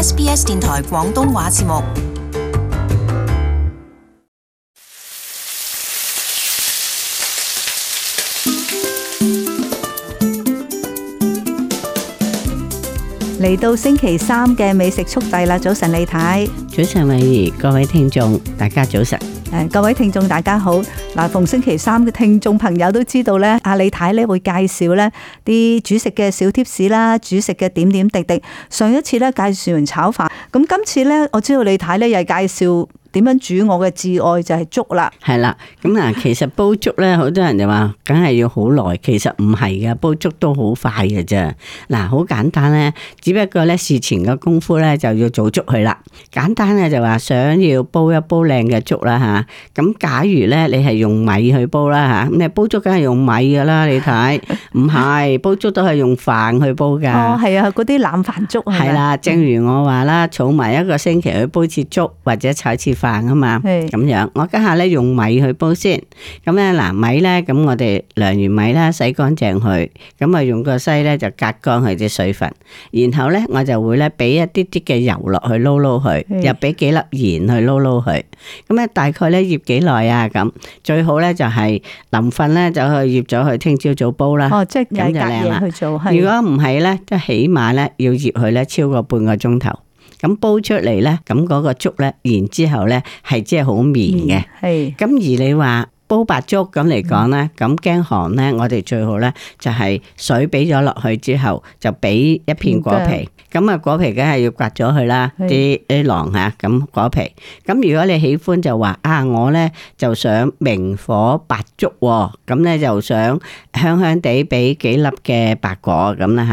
SBS 電台廣東話節目。嚟到星期三嘅美食速遞啦！早晨李太，早晨文怡，各位聽眾，大家早晨。誒，各位聽眾大家好。嗱，逢星期三嘅聽眾朋友都知道咧，阿李太咧會介紹咧啲煮食嘅小貼士啦，煮食嘅點點滴滴。上一次咧介紹完炒飯，咁今次咧我知道李太咧又係介紹，點樣煮我嘅至愛就係粥啦，係啦，咁啊，其實煲粥咧，好多人就話，梗係要好耐，其實唔係噶，煲粥都好快噶啫。嗱，好簡單咧，只不過咧事前嘅功夫咧就要做粥去啦。簡單嘅就話，想要煲一煲靚嘅粥啦吓，咁假如咧你係用米去煲啦吓，咁你煲粥梗係用米噶啦，你睇，唔係煲粥都係用飯 去煲噶。哦，係啊，嗰啲冷飯粥係啦。正如我話啦，儲埋一個星期去煲次粥或者炒次飯。飯啊嘛，咁是樣，我家下咧用米去煲先，咁咧嗱，米咧，咁我哋量完米啦，洗乾淨佢，咁啊用個篩咧就隔乾佢啲水分，然後咧我就會咧俾一啲啲嘅油落去撈撈佢，是又俾幾粒鹽去撈撈佢，咁咧大概咧醃幾耐啊？咁最好咧就係臨瞓咧就醃去醃咗佢，聽朝早煲啦。哦，即係有隔夜去做。如果唔係咧，即係是起碼咧要醃佢咧超過半個鐘頭。咁煲出嚟咧，咁嗰個粥咧，然之後咧，係即係好綿嘅，係。咁、嗯、而你話。煲白粥咁嚟講咧，咁驚、嗯、寒咧，我哋最好咧就係水俾咗落去之後，就俾一片果皮。咁啊、嗯、果皮梗係要刮咗佢啦，啲啲浪嚇咁果皮。咁如果你喜歡就話啊，我咧就想明火白粥，咁咧就想香香地俾幾粒嘅白果咁啦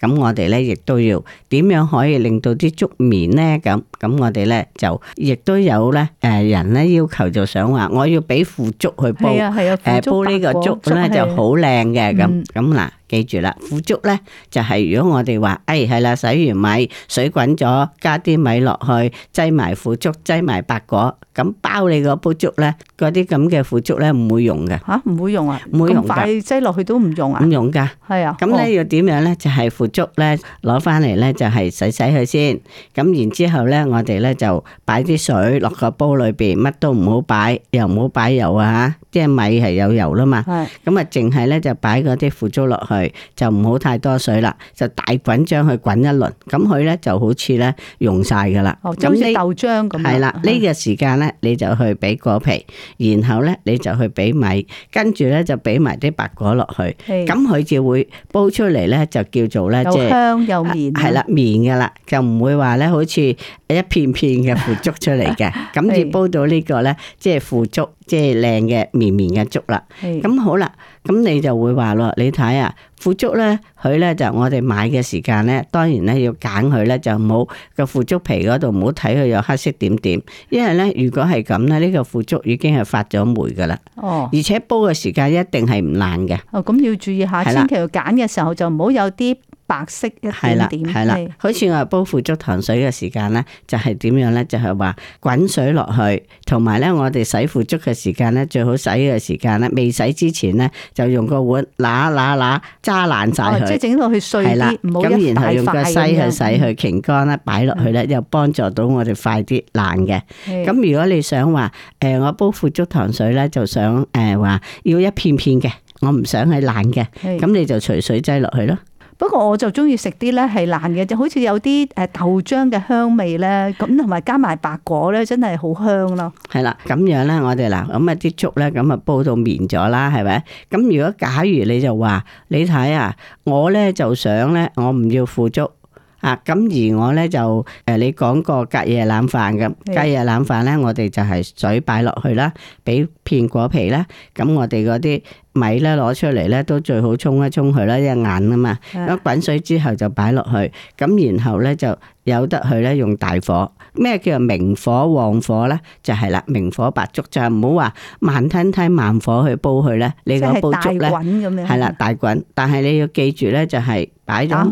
吓，咁我哋咧亦都要點樣可以令到啲粥綿咧咁？咁我哋咧就亦都有咧誒人咧要求就想話，我要俾腐竹。去煲係啊，誒，煲呢個粥咧就好靚嘅，咁咁嗱。記住啦，腐竹咧就係如果我哋話，誒係啦，洗完米，水滾咗，加啲米落去，擠埋腐竹，擠埋白果，咁包你個煲粥咧，嗰啲咁嘅腐竹咧唔會溶嘅，吓唔會溶啊，唔會溶噶，擠落去都唔溶啊，唔溶噶，係啊，咁咧要點樣咧？就係腐竹咧攞翻嚟咧，就係洗洗佢先，咁然之後咧，我哋咧就擺啲水落個煲裏邊，乜都唔好擺，又唔好擺油啊吓，即係米係有油啦嘛，係，咁啊淨係咧就擺嗰啲腐竹落去。就唔好太多水啦，就大滾將佢滾一輪，咁佢咧就好似咧溶曬噶啦，哦，好似豆漿咁。係啦，呢個時間咧你就去俾果皮，然後咧你就去俾米，跟住咧就俾埋啲白果落去，咁佢就會煲出嚟咧就叫做咧即係香又綿，係啦綿噶啦，就唔會話咧好似一片片嘅腐竹出嚟嘅，咁就煲到呢個咧即係腐竹，即係靚嘅綿綿嘅粥啦。咁好啦。咁你就會話咯，你睇啊腐竹咧，佢咧就我哋買嘅時間咧，當然咧要揀佢咧就唔好個腐竹皮嗰度唔好睇佢有黑色點點，因為咧如果係咁咧，呢個腐竹已經係發咗霉噶啦。哦，而且煲嘅時間一定係唔爛嘅。哦，咁要注意下，的千祈要揀嘅時候就唔好有啲，白色嘅，係啦，係啦，好似我煲腐竹糖水嘅時間咧，就係點樣咧？就係話滾水落去，同埋咧，我哋洗腐竹嘅時間咧，最好洗嘅時間咧，未洗之前咧，就用個碗嗱嗱嗱揸爛晒佢。即係整落去碎啲，唔好一大塊。然後用個篩去洗去擎乾啦，擺落去咧，又幫助到我哋快啲爛嘅。咁如果你想話誒，我煲腐竹糖水咧，就想誒話要一片片嘅，我唔想係爛嘅，咁你就除水劑落去咯。不過我就中意食啲咧係爛嘅，就好似有啲誒豆漿嘅香味咧，咁同埋加埋白果咧，真係好香咯。係啦，咁樣咧，我哋嗱，咁啊啲粥咧，咁啊煲到綿咗啦，係咪？咁如果假如你就話，你睇啊，我咧就想咧，我唔要腐竹。啊，咁而我咧就誒、呃，你講過隔夜冷飯咁，的隔夜冷飯咧，我哋就係水擺落去啦，俾片果皮啦，咁我哋嗰啲米咧攞出嚟咧，都最好沖一沖佢啦，一硬啊嘛，一的滾水之後就擺落去，咁然後咧就由得佢咧用大火。咩叫做明火旺火咧？就係、是、啦，明火白粥就係唔好話慢吞吞慢火去煲佢咧，你個煲粥咧，滾咁樣，係啦，大滾，的但係你要記住咧、就是，就係。打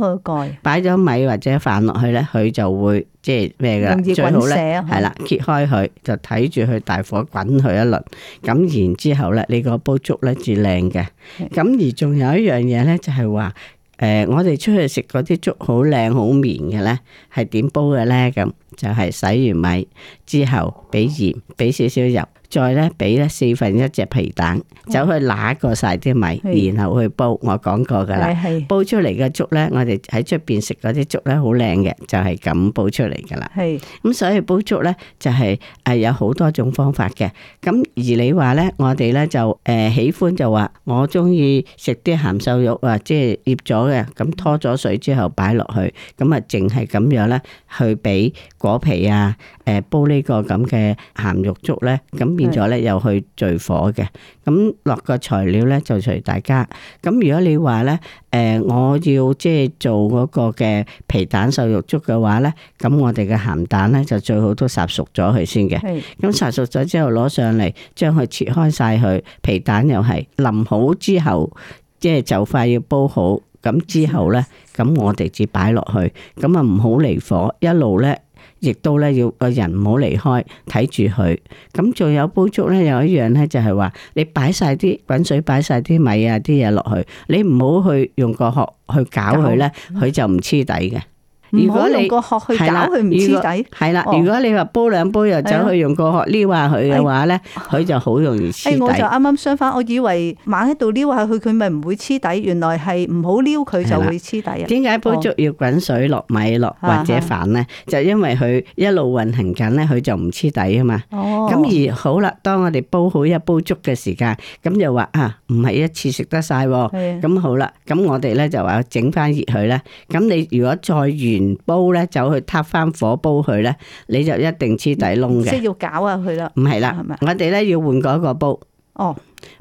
擺咗米或者飯落去呢，佢就會即係咩噶啦，最好呢，係啦，揭開佢就睇住佢大火滾佢一輪，咁然之後呢，你個煲粥呢，最靚嘅。咁而仲有一樣嘢、呃、呢，就係話，誒，我哋出去食嗰啲粥好靚好綿嘅呢，係點煲嘅呢？咁就係洗完米之後，俾鹽，俾少少油。再咧俾咧四分一隻皮蛋，走去揦過晒啲米，嗯、然後去煲。我講過噶啦，哎、煲出嚟嘅粥咧，我哋喺出邊食嗰啲粥咧，好靚嘅，就係、是、咁煲出嚟噶啦。係咁是，所以煲粥咧就係誒有好多種方法嘅咁。而你話咧，我哋咧就誒、呃、喜歡就話，我中意食啲鹹瘦肉啊，即係醃咗嘅，咁拖咗水之後擺落去，咁啊淨係咁樣咧，去俾果皮啊，誒、呃、煲呢個咁嘅鹹肉粥咧，咁變咗咧又去聚火嘅，咁落個材料咧就隨大家。咁如果你話咧，誒、呃、我要即係做嗰個嘅皮蛋瘦肉粥嘅話咧，咁我哋嘅鹹蛋咧就最好都烚熟咗佢先嘅。係。咁烚熟咗之後攞上嚟。將佢切開晒，佢皮蛋又係淋好之後，即係就快要煲好。咁之後呢，咁我哋至擺落去。咁啊，唔好離火，一路呢亦都呢要個人唔好離開睇住佢。咁仲有煲粥呢，有一樣呢就係話，你擺晒啲滾水，擺晒啲米啊啲嘢落去，你唔好去用個殼去攪佢呢，佢搞就唔黐底嘅。如果你用個殼去搞佢，唔黐底。係啦、哦，如果你話煲兩煲又走去用個殼撩下佢嘅話咧，佢、哎、就好容易黐底，哎。我就啱啱相反，我以為猛喺度撩下佢，佢咪唔會黐底。原來係唔好撩佢就會黐底。點解煲粥要滾水，哦、水落米落或者飯咧？的就因為佢一路運行緊咧，佢就唔黐底啊嘛。哦，咁而好啦，當我哋煲好一煲粥嘅時間，咁就話啊，唔係一次食得晒。係的，咁的好啦，咁我哋咧就話整翻熱佢咧。咁你如果再熱煲咧走去撻翻火煲佢咧，你就一定黐底窿嘅。即係要搞下佢咯。唔係啦，係咪？我哋咧要換嗰個煲。哦，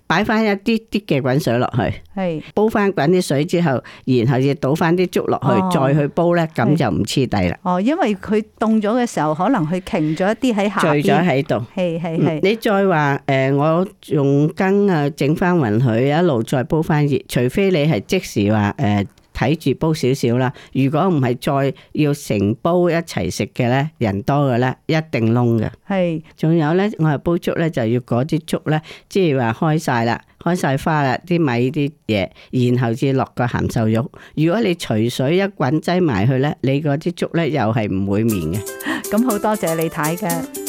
擺翻一啲啲嘅滾水落去。係。煲翻滾啲水之後，然後要倒翻啲粥落去，再去煲咧，咁就唔黐底啦。哦，因為佢凍咗嘅時候，可能佢凝咗一啲喺下邊。聚咗喺度。係係係。你再話誒，我用羹啊整翻勻佢，一路再煲翻熱，除非你係即時話誒。睇住煲少少啦，如果唔係再要成煲一齊食嘅呢，人多嘅呢，一定燶嘅。係是，仲有呢，我係煲粥呢，就要嗰啲粥呢，即係話開晒啦，開晒花啦，啲米啲嘢，然後至落個鹹瘦肉。如果你隨水一滾擠埋去呢，你嗰啲粥呢又係唔會綿嘅。咁好多謝你睇嘅。